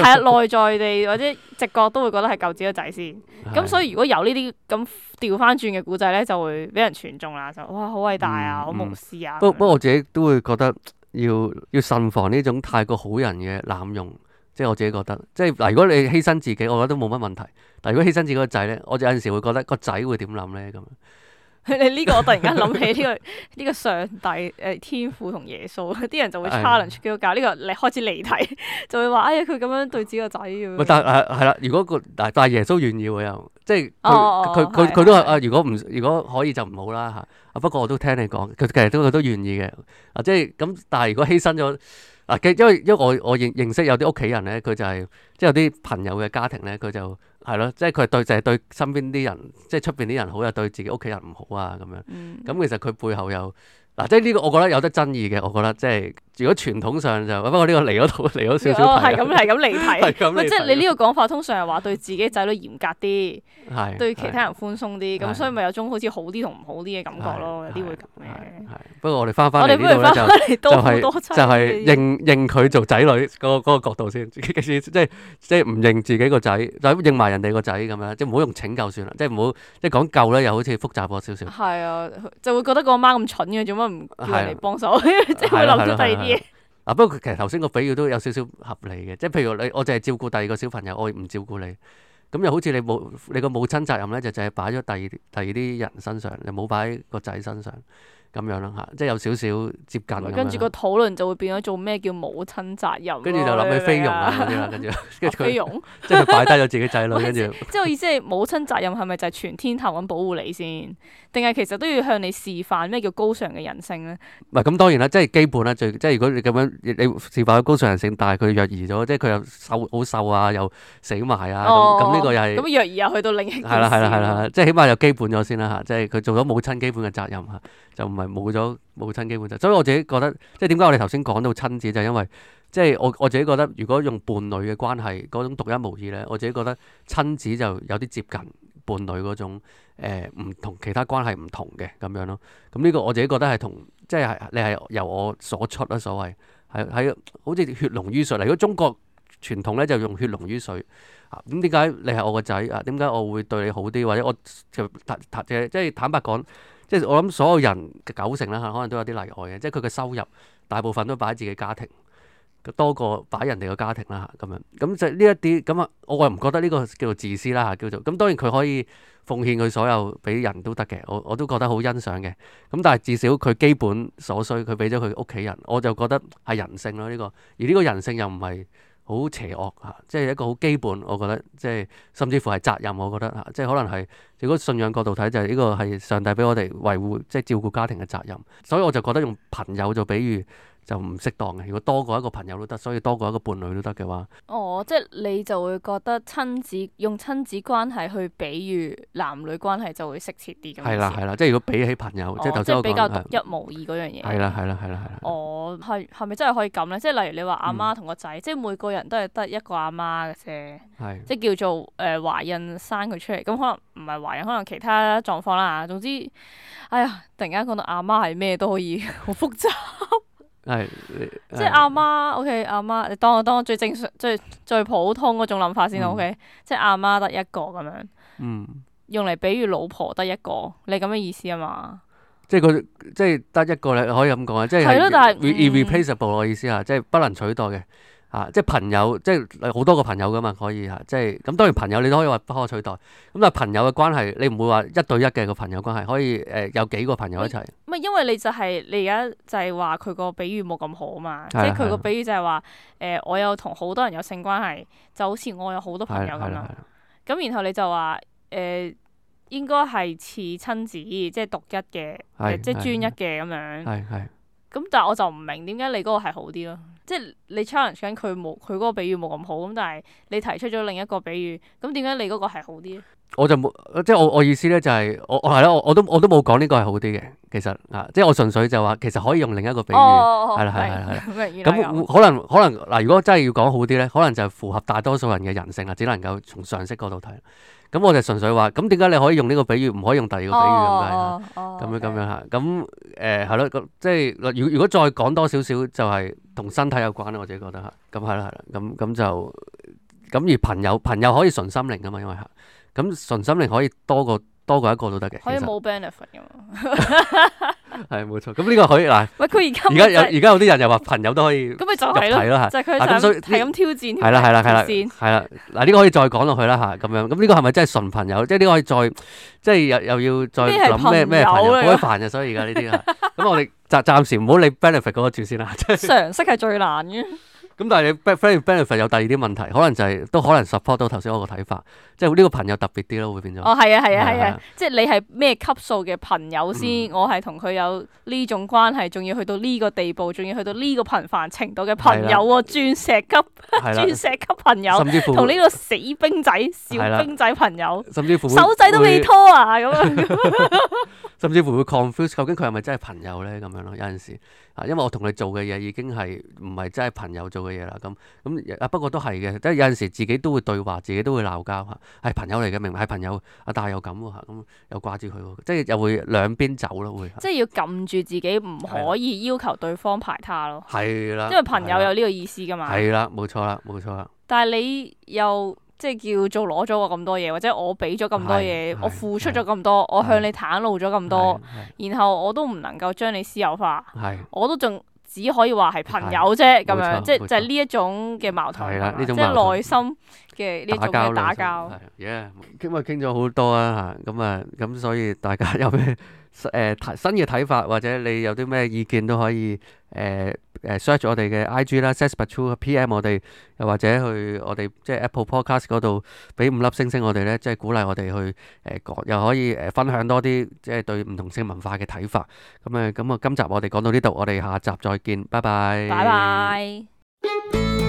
啊，內在地或者直覺都會覺得係救自己個仔先。咁所以如果有呢啲咁掉翻轉嘅古仔咧，就會俾人傳頌啦，就哇好偉大啊，好無私啊。不過不過我自己都會覺得要要慎防呢種太過好人嘅濫用。笑 providers 即係我自己覺得，即係嗱，alors, 如果你犧牲自己，我覺得都冇乜問題。但如果犧牲自己個仔咧，我就有陣時會覺得個仔會點諗咧咁。你呢 個我突然間諗起呢個呢個上帝誒、呃，天父同耶穌，啲人就會 challenge 基督教呢個，你開始離題，就會話：哎呀，佢咁樣對自己個仔。但係啦、啊啊。如果個但係耶穌願意又即係佢佢都話：如果唔如果可以就唔好啦吓。不過我都聽你講，其實都佢都願意嘅。即係咁，但係如果犧 牲咗。嗱，因為因為我我認認識有啲屋企人咧，佢就係、係、即係有啲朋友嘅家庭咧，佢就係咯，即係佢係對就係對身邊啲人，即係出邊啲人好，又對自己屋企人唔好啊，咁樣，咁、嗯、其實佢背後又。嗱，即係呢個，我覺得有得爭議嘅。我覺得即係，如果傳統上就，不過呢個離嗰度離咗少少題。哦，係咁，係咁離題。即係你呢個講法，通常係話對自己仔女嚴格啲，係對其他人寬鬆啲。咁所以咪有種好似好啲同唔好啲嘅感覺咯，有啲會咁嘅。係。不過我哋翻翻我哋不如翻嚟多寶多妻。就係認認佢做仔女嗰嗰個角度先，即係即係唔認自己個仔，就認埋人哋個仔咁樣，即唔好用拯救算啦，即係唔好即係講救咧，又好似複雜過少少。係啊，就會覺得個媽咁蠢嘅，做乜？唔，你嚟幫手，即係諗咗第二啲。嗱，不過其實頭先個比喻都有少少合理嘅，即係譬如你，我淨係照顧第二個小朋友，我唔照顧你，咁又好似你母，你個母親責任咧就淨係擺咗第二第二啲人身上，你冇擺個仔身上。咁樣啦嚇，即係有少少接近。跟住個討論就會變咗做咩叫母親責任啊？跟住就諗起菲傭啊，跟住跟住即係擺低咗自己仔女，跟住 是着即係意思係母親責任係咪就係全天下咁保護你先？定係其實都要向你示範咩叫高尚嘅人性咧？唔係咁當然啦，即係基本啦，即係如果你咁樣你示範高尚人性，但係佢弱兒咗，即係佢又瘦好瘦啊，又死埋啊，咁呢、哦哦哦、個又係咁弱兒又去到另一個係啦係啦係啦，即係起碼有基本咗先啦嚇，即係佢做咗母親基本嘅責任嚇。就唔係冇咗母親，基本就所以我自己覺得，即係點解我哋頭先講到親子，就係因為即係我我自己覺得，如果用伴侶嘅關係嗰種獨一無二呢，我自己覺得親子就有啲接近伴侶嗰種誒唔同其他關係唔同嘅咁樣咯。咁呢個我自己覺得係同即係你係由我所出啦。所謂係喺好似血濃於水。如果中國傳統呢，就用血濃於水啊。咁點解你係我個仔啊？點解我會對你好啲，或者我就坦即係坦白講？即係我諗所有人嘅九成啦，可能都有啲例外嘅，即係佢嘅收入大部分都擺喺自己家庭，多過擺人哋嘅家庭啦，咁樣。咁就呢一啲咁啊，我又唔覺得呢個叫做自私啦吓，叫做咁。當然佢可以奉獻佢所有俾人都得嘅，我我都覺得好欣賞嘅。咁但係至少佢基本所需佢俾咗佢屋企人，我就覺得係人性咯呢個。而呢個人性又唔係。好邪惡嚇，即係一個好基本，我覺得即係甚至乎係責任，我覺得嚇，即係可能係如果信仰角度睇就係呢個係上帝俾我哋維護即係照顧家庭嘅責任，所以我就覺得用朋友做比喻。就唔適當嘅。如果多過一個朋友都得，所以多過一個伴侶都得嘅話，哦，即係你就會覺得親子用親子關係去比喻男女關係就會適切啲。係啦，係啦，即係如果比起朋友，哦、即係就周圍比較獨一模二嗰樣嘢。係啦，係啦，係啦，係啦。哦，係係咪真係可以咁咧？即係例如你話阿媽同個仔，嗯、即係每個人都係得一個阿媽嘅啫。的即係叫做誒懷孕生佢出嚟，咁可能唔係懷孕，可能其他狀況啦。總之，哎呀，突然間講到阿媽係咩都可以，好 複雜。 係，即係阿媽，OK，阿媽，你當我當我最正常、最最普通嗰種諗法先啦，OK，嗯，即係阿媽得一個咁樣，嗯，用嚟比喻老婆得一個，你咁嘅意思啊嘛，即係佢，即係得一個，你可以咁講啊，即係係咯，但係 irreplaceable 我意思啊，即係，嗯，不能取代嘅。啊，即係朋友，即係好多個朋友噶嘛，可以啊，即係咁。當然朋友你都可以話不可取代，咁但係朋友嘅關係你唔會話一對一嘅，個朋友關係，可以誒有幾個朋友一齊。咪因為你就係你而家就係話佢個比喻冇咁好啊嘛，即係佢個比喻就係話誒，我有同好多人有性關係，就好似我有好多朋友咁樣。咁然後你就話誒，應該係似親子即係獨一嘅，即係專一嘅咁樣。係係。咁但係我就唔明點解你嗰個係好啲咯？即係你 challenge 緊佢冇佢嗰個比喻冇咁好咁，但係你提出咗另一個比喻，咁點解你嗰個係好啲咧？我就冇即係我我意思咧，就係我係咯，我我，我都我都冇講呢個係好啲嘅，其實啊，即係我純粹就話其實可以用另一個比喻，係啦係啦係啦，咁可能可能嗱，如果真係要講好啲咧，可能就係符合大多數人嘅人性啦，只能夠從常識嗰度睇。咁我就純粹話，咁點解你可以用呢個比喻，唔可以用第二個比喻咁解啊？咁樣咁樣嚇，咁誒係咯，即係如如果再講多少少，就係、是、同身體有關咯。我自己覺得嚇，咁係啦係啦，咁咁就咁而朋友朋友可以純心靈㗎嘛，因為嚇咁純心靈可以多過多過一個都得嘅。可以冇 benefit 㗎嘛？實 係冇錯，咁呢個可以嗱，喂佢而家而家有而家有啲人又話朋友都可以咁咪就係咯，就係佢想係咁挑戰，係啦係啦係啦，係啦，嗱呢個可以再講落去啦吓，咁樣咁呢個係咪真係純朋友？即係呢個可以再即係又又要再諗咩咩朋友好鬼煩嘅，所以而家呢啲咁我哋暫暫時唔好理 benefit 嗰個住先啦。即係常識係最難嘅。咁但係你 benefit 有第二啲問題，可能就係都可能 support 到頭先我個睇法，即係呢個朋友特別啲咯，會變咗。哦，係啊，係啊，係啊，即係你係咩級數嘅朋友先？我係同佢有呢種關係，仲要去到呢個地步，仲要去到呢個頻繁程度嘅朋友喎，鑽石級，鑽石級朋友，同呢個死兵仔、小兵仔朋友，甚至乎手仔都未拖啊咁樣，甚至乎會 confuse，究竟佢係咪真係朋友咧？咁樣咯，有陣時。因為我同你做嘅嘢已經係唔係真係朋友做嘅嘢啦，咁咁啊不過都係嘅，即係有陣時自己都會對話，自己都會鬧交嚇，係朋友嚟嘅，明唔明係朋友啊？但係又咁喎嚇，咁又掛住佢喎，即係又會兩邊走咯，會。即係要撳住自己唔可以要求對方排他咯。係啦，因為朋友有呢個意思㗎嘛。係啦，冇錯啦，冇錯啦。但係你又。即係叫做攞咗我咁多嘢，或者我俾咗咁多嘢，我付出咗咁多，我向你袒露咗咁多，然後我都唔能夠將你私有化，我都仲只可以話係朋友啫咁樣，即係就係呢一種嘅矛盾，即係內心嘅呢一種嘅打交。耶，今日傾咗好多啊，咁啊，咁所以大家有咩？誒新嘅睇法，或者你有啲咩意見都可以誒誒 search 我哋嘅 IG 啦 s p a t o o PM 我哋，又 或者去我哋即係 Apple Podcast 嗰度俾五粒星星我哋咧，即係鼓勵我哋去誒講、呃，又可以誒分享多啲即係對唔同性文化嘅睇法。咁啊咁啊，今集我哋講到呢度，我哋下集再見，拜拜。拜拜。